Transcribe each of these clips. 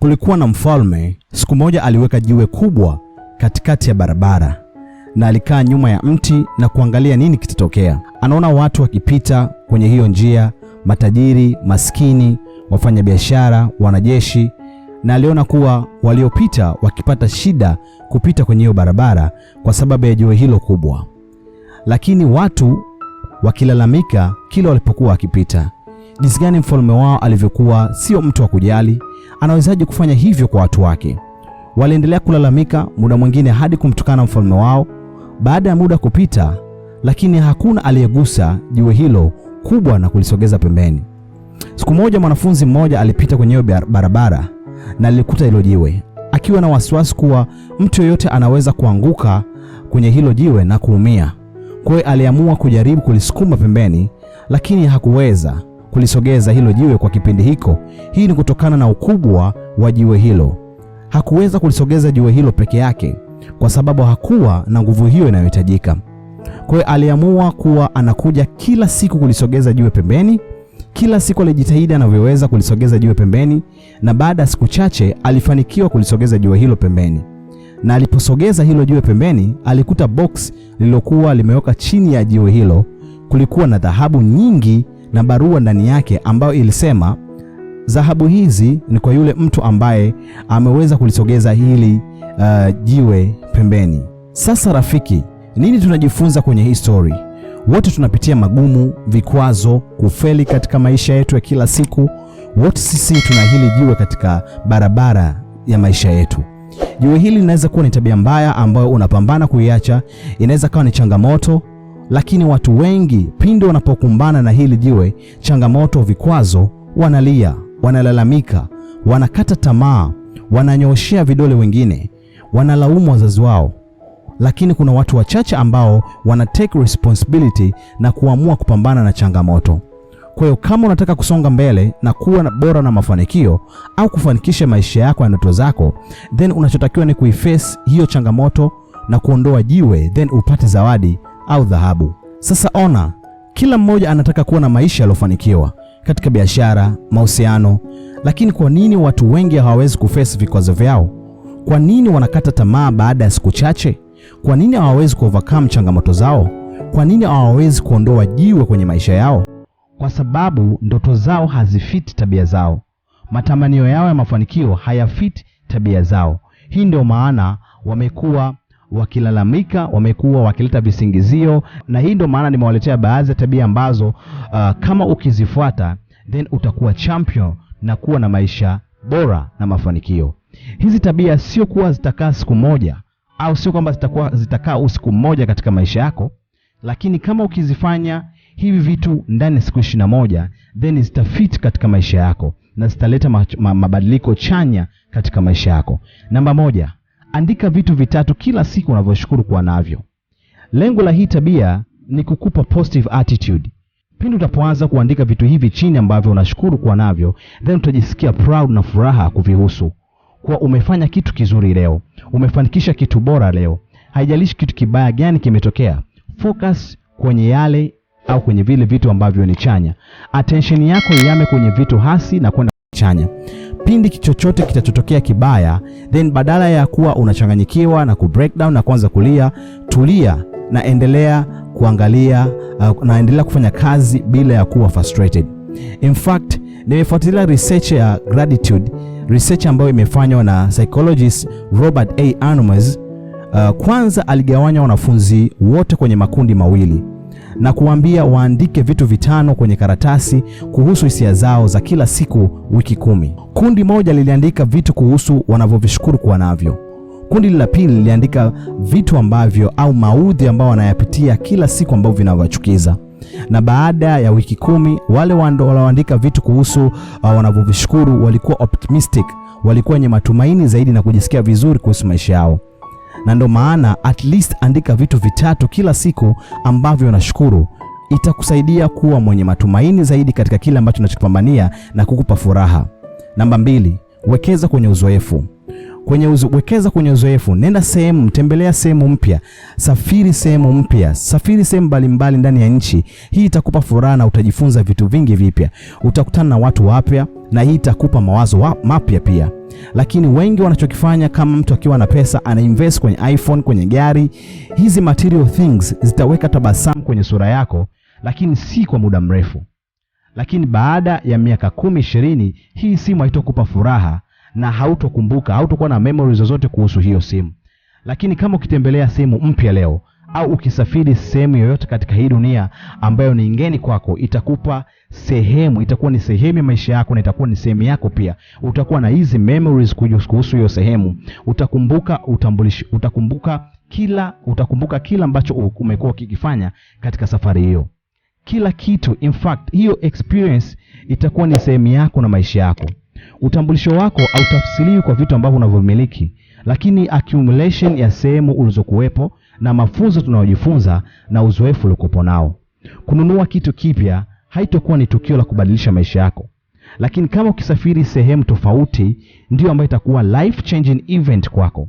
Kulikuwa na mfalme, siku moja aliweka jiwe kubwa katikati ya barabara na alikaa nyuma ya mti na kuangalia nini kitatokea. Anaona watu wakipita kwenye hiyo njia, matajiri, maskini, wafanyabiashara, wanajeshi, na aliona kuwa waliopita wakipata shida kupita kwenye hiyo barabara kwa sababu ya jiwe hilo kubwa, lakini watu wakilalamika kila walipokuwa wakipita, jinsi gani mfalme wao alivyokuwa sio mtu wa kujali anawezaje kufanya hivyo kwa watu wake? Waliendelea kulalamika, muda mwingine hadi kumtukana mfalme wao. Baada ya muda kupita, lakini hakuna aliyegusa jiwe hilo kubwa na kulisogeza pembeni. Siku moja mwanafunzi mmoja alipita kwenye barabara na alikuta hilo jiwe, akiwa na wasiwasi kuwa mtu yeyote anaweza kuanguka kwenye hilo jiwe na kuumia. Kwa hiyo aliamua kujaribu kulisukuma pembeni, lakini hakuweza kulisogeza hilo jiwe kwa kipindi hiko. Hii ni kutokana na ukubwa wa jiwe hilo. Hakuweza kulisogeza jiwe hilo peke yake, kwa sababu hakuwa na nguvu hiyo inayohitajika. Kwa hiyo aliamua kuwa anakuja kila siku kulisogeza jiwe pembeni. Kila siku alijitahidi anavyoweza kulisogeza jiwe pembeni, na baada ya siku chache alifanikiwa kulisogeza jiwe hilo pembeni. Na aliposogeza hilo jiwe pembeni, alikuta box lililokuwa limewekwa chini ya jiwe hilo. Kulikuwa na dhahabu nyingi na barua ndani yake ambayo ilisema dhahabu hizi ni kwa yule mtu ambaye ameweza kulisogeza hili uh, jiwe pembeni. Sasa rafiki, nini tunajifunza kwenye hii story? Wote tunapitia magumu, vikwazo, kufeli katika maisha yetu ya kila siku. Wote sisi tuna hili jiwe katika barabara ya maisha yetu. Jiwe hili linaweza kuwa ni tabia mbaya ambayo unapambana kuiacha, inaweza kawa ni changamoto lakini watu wengi pindi wanapokumbana na hili jiwe, changamoto, vikwazo, wanalia, wanalalamika, wanakata tamaa, wananyooshea vidole wengine, wanalaumu wazazi wao. Lakini kuna watu wachache ambao wana take responsibility na kuamua kupambana na changamoto. Kwa hiyo kama unataka kusonga mbele na kuwa na bora na mafanikio au kufanikisha maisha yako na ndoto zako, then unachotakiwa ni kuiface hiyo changamoto na kuondoa jiwe, then upate zawadi au dhahabu. Sasa ona, kila mmoja anataka kuwa na maisha yaliyofanikiwa katika biashara, mahusiano, lakini kwa nini watu wengi hawawezi kufesi vikwazo vyao? Kwa nini wanakata tamaa baada ya siku chache? Kwa nini hawawezi kuovercome changamoto zao? Kwa nini hawawezi kuondoa jiwe kwenye maisha yao? Kwa sababu ndoto zao hazifiti tabia zao, matamanio yao ya mafanikio hayafiti tabia zao. Hii ndio maana wamekuwa wakilalamika, wamekuwa wakileta visingizio, na hii ndio maana nimewaletea baadhi ya tabia ambazo uh, kama ukizifuata then utakuwa champion na kuwa na maisha bora na mafanikio. Hizi tabia sio kuwa zitakaa siku moja au sio kwamba zitakuwa zitakaa usiku mmoja katika maisha yako, lakini kama ukizifanya hivi vitu ndani ya siku ishirini na moja then zitafit katika maisha yako na zitaleta mabadiliko chanya katika maisha yako. Namba moja, Andika vitu vitatu kila siku unavyoshukuru kuwa navyo. Lengo la hii tabia ni kukupa positive attitude. Pindi utapoanza kuandika vitu hivi chini ambavyo unashukuru kuwa navyo, then utajisikia proud na furaha kuvihusu, kuwa umefanya kitu kizuri leo, umefanikisha kitu bora leo. Haijalishi kitu kibaya gani kimetokea, focus kwenye yale au kwenye vile vitu ambavyo ni chanya. Attention yako iame kwenye vitu hasi na kwenda chanya. Pindi chochote kitachotokea kibaya, then badala ya kuwa unachanganyikiwa na ku breakdown na kuanza kulia, tulia na endelea kuangalia uh, na endelea kufanya kazi bila ya kuwa frustrated. In fact, nimefuatilia research ya gratitude, research ambayo imefanywa na psychologist Robert A. Anomes. Uh, kwanza aligawanya wanafunzi wote kwenye makundi mawili na kuwaambia waandike vitu vitano kwenye karatasi kuhusu hisia zao za kila siku wiki kumi. Kundi moja liliandika vitu kuhusu wanavyovishukuru kuwa navyo. Kundi la pili liliandika vitu ambavyo au maudhi ambao wanayapitia kila siku ambavyo vinawachukiza na baada ya wiki kumi wale walioandika vitu kuhusu uh, wanavyovishukuru walikuwa optimistic, walikuwa wenye matumaini zaidi na kujisikia vizuri kuhusu maisha yao na ndo maana at least andika vitu vitatu kila siku ambavyo unashukuru itakusaidia kuwa mwenye matumaini zaidi katika kile ambacho unachopambania na kukupa furaha. Namba mbili, wekeza kwenye uzoefu kwenye uzu, wekeza kwenye uzoefu. Nenda sehemu, tembelea sehemu mpya, safiri sehemu mpya, safiri sehemu mbalimbali ndani ya nchi. Hii itakupa furaha na utajifunza vitu vingi vipya, utakutana na watu wapya, na hii itakupa mawazo mapya pia. Lakini wengi wanachokifanya, kama mtu akiwa na pesa ana invest kwenye iPhone, kwenye gari, hizi material things zitaweka tabasamu kwenye sura yako, lakini si kwa muda mrefu. Lakini baada ya miaka kumi, ishirini, hii simu haitokupa furaha na hautokumbuka, hautokuwa na memory zozote kuhusu hiyo simu. Lakini kama ukitembelea simu mpya leo au ukisafiri sehemu yoyote katika hii dunia ambayo ni ngeni kwako, itakupa sehemu, itakuwa ni sehemu ya maisha yako na itakuwa ni sehemu yako pia. Utakuwa na hizi memories kuhusu hiyo sehemu, utakumbuka utambulishi, utakumbuka kila, utakumbuka kila ambacho umekuwa ukikifanya katika safari hiyo, kila kitu. In fact hiyo experience itakuwa ni sehemu yako na maisha yako. Utambulisho wako hautafsiriwi kwa vitu ambavyo unavyomiliki, lakini accumulation ya sehemu ulizokuwepo na mafunzo tunayojifunza na uzoefu uliokuwepo nao. Kununua kitu kipya haitokuwa ni tukio la kubadilisha maisha yako, lakini kama ukisafiri sehemu tofauti, ndiyo ambayo itakuwa life changing event kwako.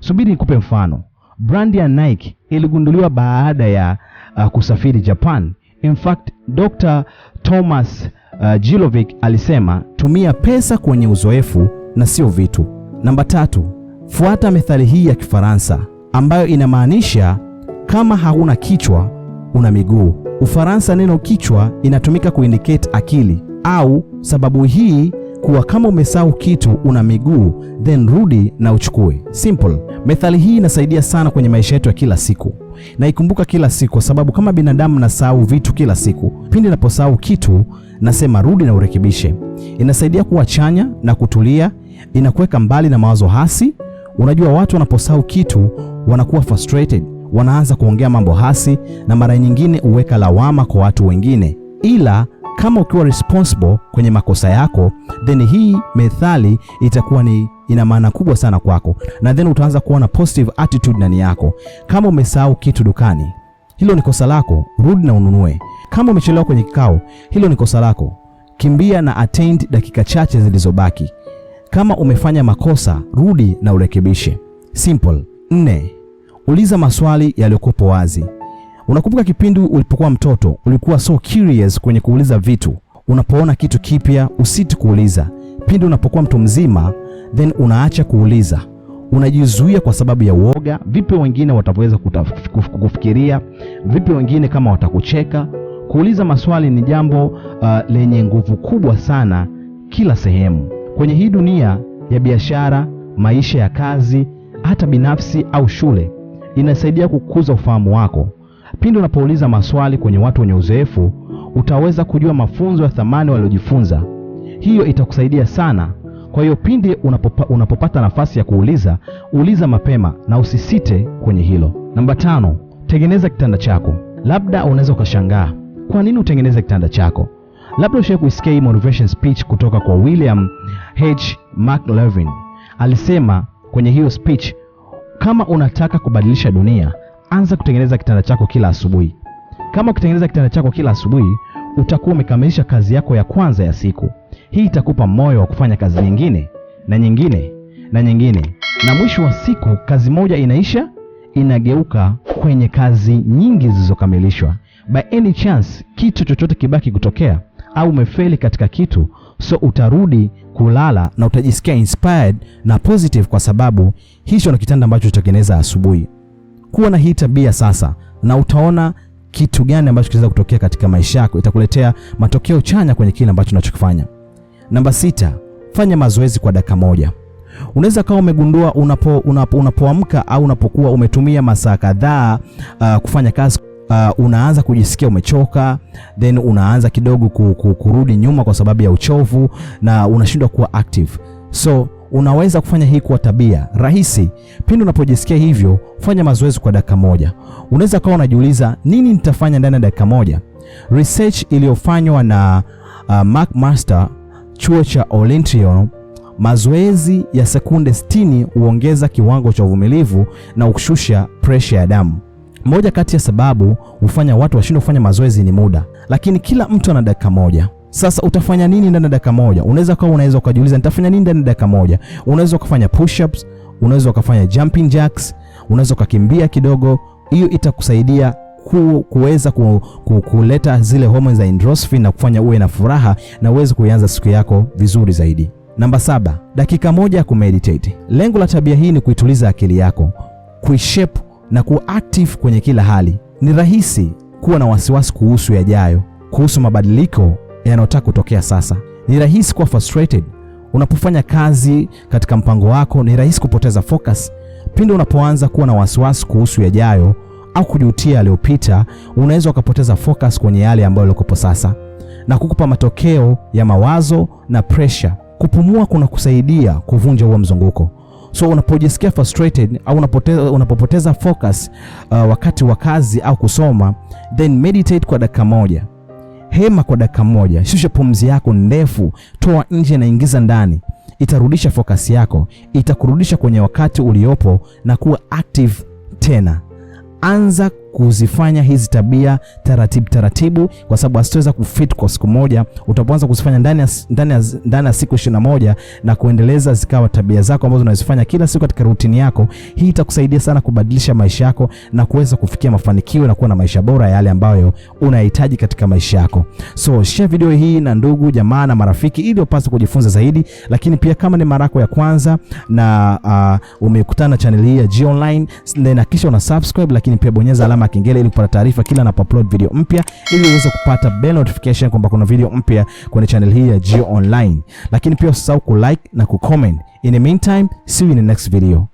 Subiri nikupe mfano. brandi ya Nike iligunduliwa baada ya uh, kusafiri Japan. In fact, Dr. Thomas uh, Jilovic alisema tumia pesa kwenye uzoefu na sio vitu. Namba tatu, fuata methali hii ya Kifaransa ambayo inamaanisha kama hauna kichwa una miguu. Ufaransa, neno kichwa inatumika kuindicate akili au sababu hii kuwa kama umesahau kitu una miguu, then rudi na uchukue. Simple. Methali hii inasaidia sana kwenye maisha yetu ya kila siku naikumbuka kila siku, kwa sababu kama binadamu nasahau vitu kila siku. Pindi naposahau kitu, nasema rudi na urekebishe. Inasaidia kuwa chanya na kutulia, inakuweka mbali na mawazo hasi. Unajua, watu wanaposahau kitu wanakuwa frustrated, wanaanza kuongea mambo hasi, na mara nyingine huweka lawama kwa watu wengine, ila kama ukiwa responsible kwenye makosa yako, then hii methali itakuwa ni ina maana kubwa sana kwako, na then utaanza kuwa na positive attitude ndani yako. Kama umesahau kitu dukani, hilo ni kosa lako, rudi na ununue. Kama umechelewa kwenye kikao, hilo ni kosa lako, kimbia na attend dakika chache zilizobaki. Kama umefanya makosa, rudi na urekebishe. Simple. Nne, uliza maswali yaliyokuwa wazi. Unakumbuka kipindi ulipokuwa mtoto, ulikuwa so curious kwenye kuuliza vitu. Unapoona kitu kipya usiti kuuliza. Pindi unapokuwa mtu mzima, then unaacha kuuliza, unajizuia kwa sababu ya uoga. Vipi wengine wataweza kufikiria? Vipi wengine kama watakucheka? Kuuliza maswali ni jambo uh, lenye nguvu kubwa sana kila sehemu kwenye hii dunia ya biashara, maisha ya kazi, hata binafsi au shule. Inasaidia kukuza ufahamu wako. Pindi unapouliza maswali kwenye watu wenye uzoefu, utaweza kujua mafunzo ya thamani waliojifunza. Hiyo itakusaidia sana. Kwa hiyo pindi unapopa, unapopata nafasi ya kuuliza, uliza mapema na usisite kwenye hilo. Namba tano, tengeneza kitanda chako. Labda unaweza ukashangaa kwa nini utengeneze kitanda chako. Labda ushawahi kuisikia hii motivation speech kutoka kwa William H. McLevin. Alisema kwenye hiyo speech, kama unataka kubadilisha dunia, anza kutengeneza kitanda chako kila asubuhi. Kama ukitengeneza kitanda chako kila asubuhi, utakuwa umekamilisha kazi yako ya kwanza ya siku. Hii itakupa moyo wa kufanya kazi nyingine na nyingine na nyingine, na mwisho wa siku kazi moja inaisha, inageuka kwenye kazi nyingi zilizokamilishwa. By any chance kitu chochote kibaki kutokea au umefeli katika kitu, so utarudi kulala na utajisikia inspired na positive, kwa sababu hicho na kitanda ambacho utatengeneza asubuhi kuwa na hii tabia sasa, na utaona kitu gani ambacho kinaweza kutokea katika maisha yako. Itakuletea matokeo chanya kwenye kile ambacho unachokifanya. Namba sita, fanya mazoezi kwa dakika moja. Unaweza kawa umegundua unapoamka unapo, unapo au unapokuwa umetumia masaa kadhaa uh, kufanya kazi uh, unaanza kujisikia umechoka, then unaanza kidogo kurudi nyuma kwa sababu ya uchovu na unashindwa kuwa active. So Unaweza kufanya hii kuwa tabia rahisi. Pindi unapojisikia hivyo, fanya mazoezi kwa dakika moja. Unaweza kuwa unajiuliza nini nitafanya ndani ya dakika moja. Research iliyofanywa na uh, Master, chuo cha Olention, mazoezi ya sekunde 60 huongeza kiwango cha uvumilivu na kushusha presha ya damu. Moja kati ya sababu hufanya watu washindwe kufanya mazoezi ni muda, lakini kila mtu ana dakika moja. Sasa utafanya nini ndani ya dakika moja? Unaweza kuwa unaweza ukajiuliza nitafanya nini ndani ya dakika moja. Unaweza ukafanya push ups, unaweza ukafanya jumping jacks, unaweza ukakimbia kidogo. Hiyo itakusaidia kuweza ku, ku, kuleta zile hormones za endorphin na kufanya uwe na furaha na uweze kuianza siku yako vizuri zaidi. Namba saba, dakika moja ya kumeditate. Lengo la tabia hii ni kuituliza akili yako, kuishape na active kwenye kila hali. Ni rahisi kuwa na wasiwasi kuhusu yajayo, kuhusu mabadiliko yanayotaka kutokea sasa. Ni rahisi kuwa frustrated unapofanya kazi katika mpango wako. Ni rahisi kupoteza focus pindi unapoanza kuwa na wasiwasi kuhusu yajayo au kujutia yaliyopita. Unaweza ukapoteza focus kwenye yale ambayo yalikopo sasa na kukupa matokeo ya mawazo na pressure. Kupumua kuna kusaidia kuvunja huo mzunguko. So unapojisikia frustrated au unapoteza, unapopoteza focus uh, wakati wa kazi au kusoma, then meditate kwa dakika moja. Hema kwa dakika moja, shusha pumzi yako ndefu, toa nje na ingiza ndani. Itarudisha fokasi yako, itakurudisha kwenye wakati uliopo na kuwa active tena. Anza kuzifanya hizi tabia taratibu taratibu, kwa sababu asitoweza kufit kwa siku moja. Utapoanza kuzifanya ndani ya ndani ya siku ya na moja na kuendeleza zikawa tabia zako ambazo unazifanya kila siku katika rutini yako, hii itakusaidia sana kubadilisha maisha yako na kuweza kufikia mafanikio na kuwa na maisha bora yale ambayo unahitaji katika maisha yako. So share video hii na ndugu jamaa na marafiki, ili upate kujifunza zaidi. Lakini pia kama ni mara yako ya kwanza na uh, umekutana na channel hii ya G Online, then hakikisha una subscribe, lakini pia bonyeza alama alama ya kengele ili kupata taarifa kila upload video mpya, ili uweze kupata bell notification kwamba kuna video mpya kwenye channel hii ya Geo Online. Lakini pia usisahau kulike na comment. In the meantime, see you in the next video.